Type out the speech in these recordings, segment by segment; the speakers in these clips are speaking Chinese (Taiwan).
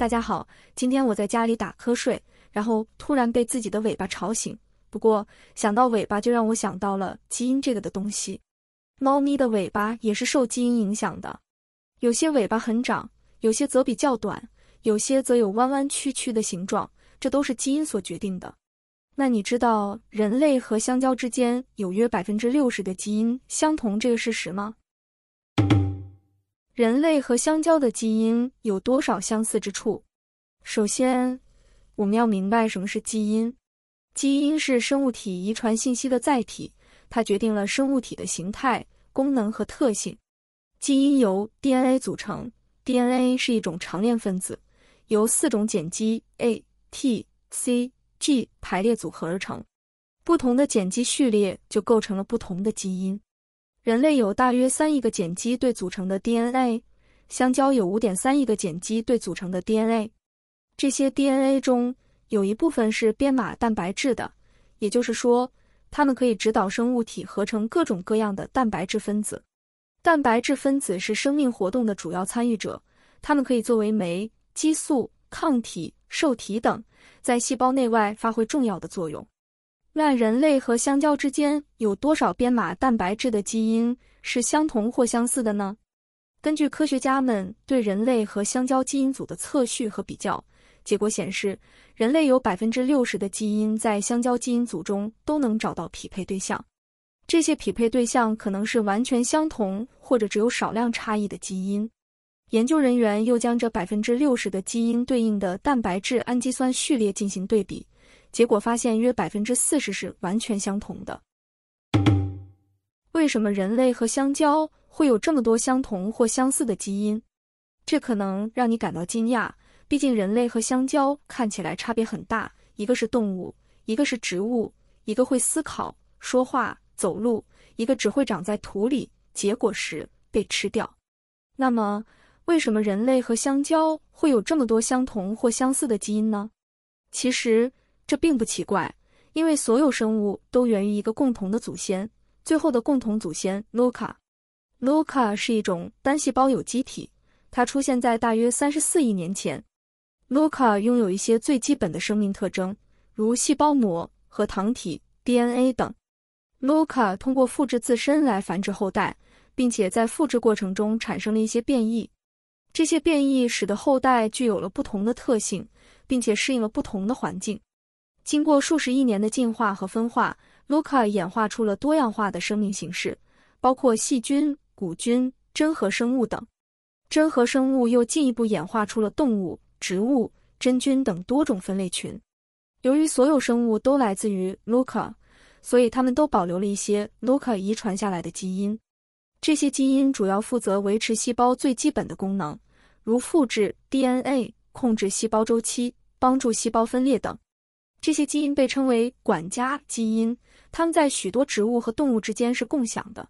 大家好，今天我在家裡打瞌睡，然後突然被自己的尾巴吵醒。不過想到尾巴，就讓我想到了基因這個的東西。貓咪的尾巴也是受基因影響的，有些尾巴很長，有些則比較短，有些則有彎彎曲曲的形狀，這都是基因所決定的。那你知道人類和香蕉之間有約60%的基因相同這個事實嗎？人類和香蕉的基因有多少相似之處？首先，我們要明白什麼是基因。基因是生物體遺傳信息的載體，它決定了生物體的形態、功能和特性。基因由 DNA 組成，DNA 是一種長鏈分子，由四種鹼基 A、T、C、G 排列組合而成。不同的鹼基序列就構成了不同的基因。人類有大約三億個鹼基對組成的 DNA，香蕉有五點三億個鹼基對組成的 DNA。這些 DNA 中有一部分是編碼蛋白質的，也就是說，它們可以指導生物體合成各種各樣的蛋白質分子。蛋白質分子是生命活動的主要參與者，它們可以作為酶、激素、抗體、受體等，在細胞內外發揮重要的作用。那人類和香蕉之間有多少編碼蛋白質的基因是相同或相似的呢？根據科學家們對人類和香蕉基因組的測序和比較，結果顯示，人類有百分之六十的基因在香蕉基因組中都能找到匹配對象。這些匹配對象可能是完全相同或者只有少量差異的基因。研究人員又將這百分之六十的基因對應的蛋白質氨基酸序列進行對比。結果發現約，約百分之四十是完全相同的。為什麼人類和香蕉會有這麼多相同或相似的基因？這可能讓你感到驚訝，畢竟人類和香蕉看起來差別很大：一個是動物，一個是植物；一個會思考、說話、走路；一個只會長在土裡，結果時被吃掉。那麼，為什麼人類和香蕉會有這麼多相同或相似的基因呢？其實，這並不奇怪，因為所有生物都源於一個共同的祖先，最後的共同祖先 Luca。Luca 是一種單細胞有機體，它出現在大約三十四億年前。Luca 擁有一些最基本的生命特徵，如細胞膜、核糖體、DNA 等。Luca 通過複製自身來繁殖後代，並且在複製過程中產生了一些變異。這些變異使得後代具有了不同的特性，並且適應了不同的環境。經過數十億年的進化和分化，LUCA 演化出了多樣化的生命形式，包括細菌、古菌、真核生物等。真核生物又進一步演化出了動物、植物、真菌等多種分類群。由於所有生物都來自於 LUCA，所以他們都保留了一些 LUCA 遺傳下來的基因。這些基因主要負責維持細胞最基本的功能，如複制 DNA、控制細胞週期、幫助細胞分裂等。這些基因被稱為管家基因，它們在許多植物和動物之間是共享的。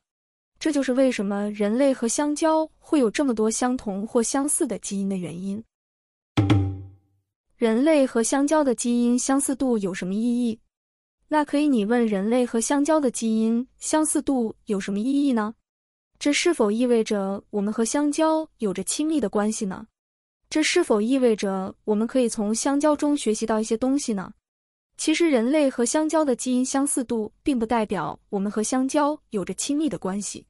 這就是為什麼人類和香蕉會有這麼多相同或相似的基因的原因。人類和香蕉的基因相似度有什麼意義？那可以，你問人類和香蕉的基因相似度有什麼意義呢？這是否意味着我們和香蕉有着親密的關係呢？這是否意味着我們可以從香蕉中學習到一些東西呢？其實，人類和香蕉的基因相似度，並不代表我們和香蕉有着親密的關係。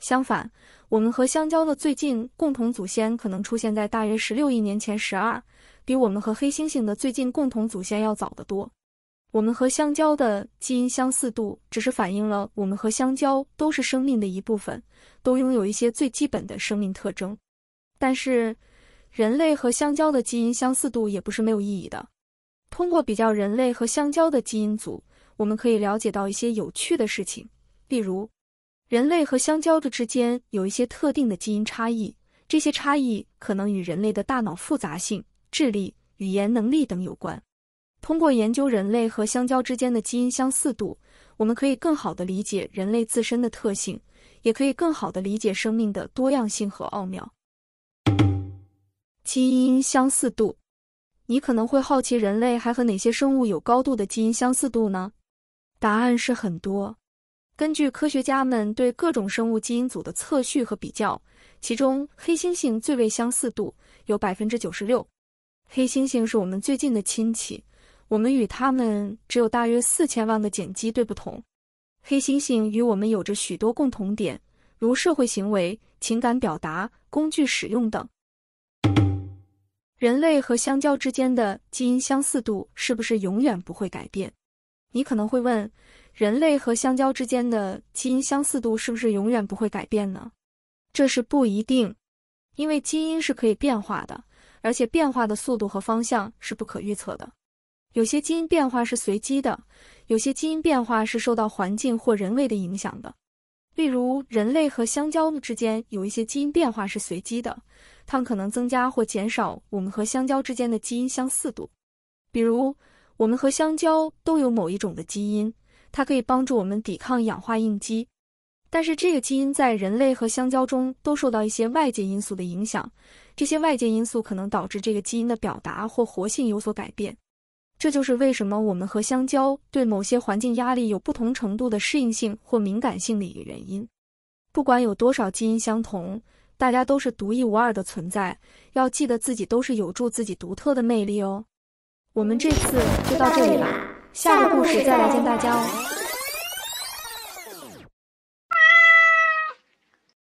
相反，我們和香蕉的最近共同祖先可能出現在大約十六億年前，十二，比我們和黑猩猩的最近共同祖先要早得多。我們和香蕉的基因相似度，只是反映了我們和香蕉都是生命的一部分，都擁有一些最基本的生命特徵。但是，人類和香蕉的基因相似度也不是沒有意義的。通過比較人類和香蕉的基因組，我們可以了解到一些有趣的事情。例如，人類和香蕉的之間有一些特定的基因差異，這些差異可能與人類的大腦複雜性、智力、語言能力等有關。通過研究人類和香蕉之間的基因相似度，我們可以更好地理解人類自身的特性，也可以更好地理解生命的多樣性和奧妙。基因相似度。你可能會好奇，人類還和哪些生物有高度的基因相似度呢？答案是很多。根據科學家們對各種生物基因組的測序和比較，其中黑猩猩最為相似度有百分之九十六。黑猩猩是我們最近的親戚，我們與它們只有大約四千萬的鹼基對不同。黑猩猩與我們有着許多共同點，如社會行為、情感表達、工具使用等。人類和香蕉之間的基因相似度是不是永遠不會改變？你可能會問，人類和香蕉之間的基因相似度是不是永遠不會改變呢？這是不一定，因為基因是可以變化的，而且變化的速度和方向是不可預測的。有些基因變化是隨機的，有些基因變化是受到環境或人為的影響的。例如，人類和香蕉之間有一些基因變化是隨機的，它們可能增加或減少我們和香蕉之間的基因相似度。比如，我們和香蕉都有某一種的基因，它可以幫助我們抵抗氧化應激。但是，這個基因在人類和香蕉中都受到一些外界因素的影響，這些外界因素可能導致這個基因的表達或活性有所改變。這就是為什麼我們和香蕉對某些環境壓力有不同程度的適應性或敏感性的一個原因。不管有多少基因相同，大家都是獨一無二的存在，要記得自己都是有助自己獨特的魅力哦。我們這次就到這裡了，下個故事再來見大家哦。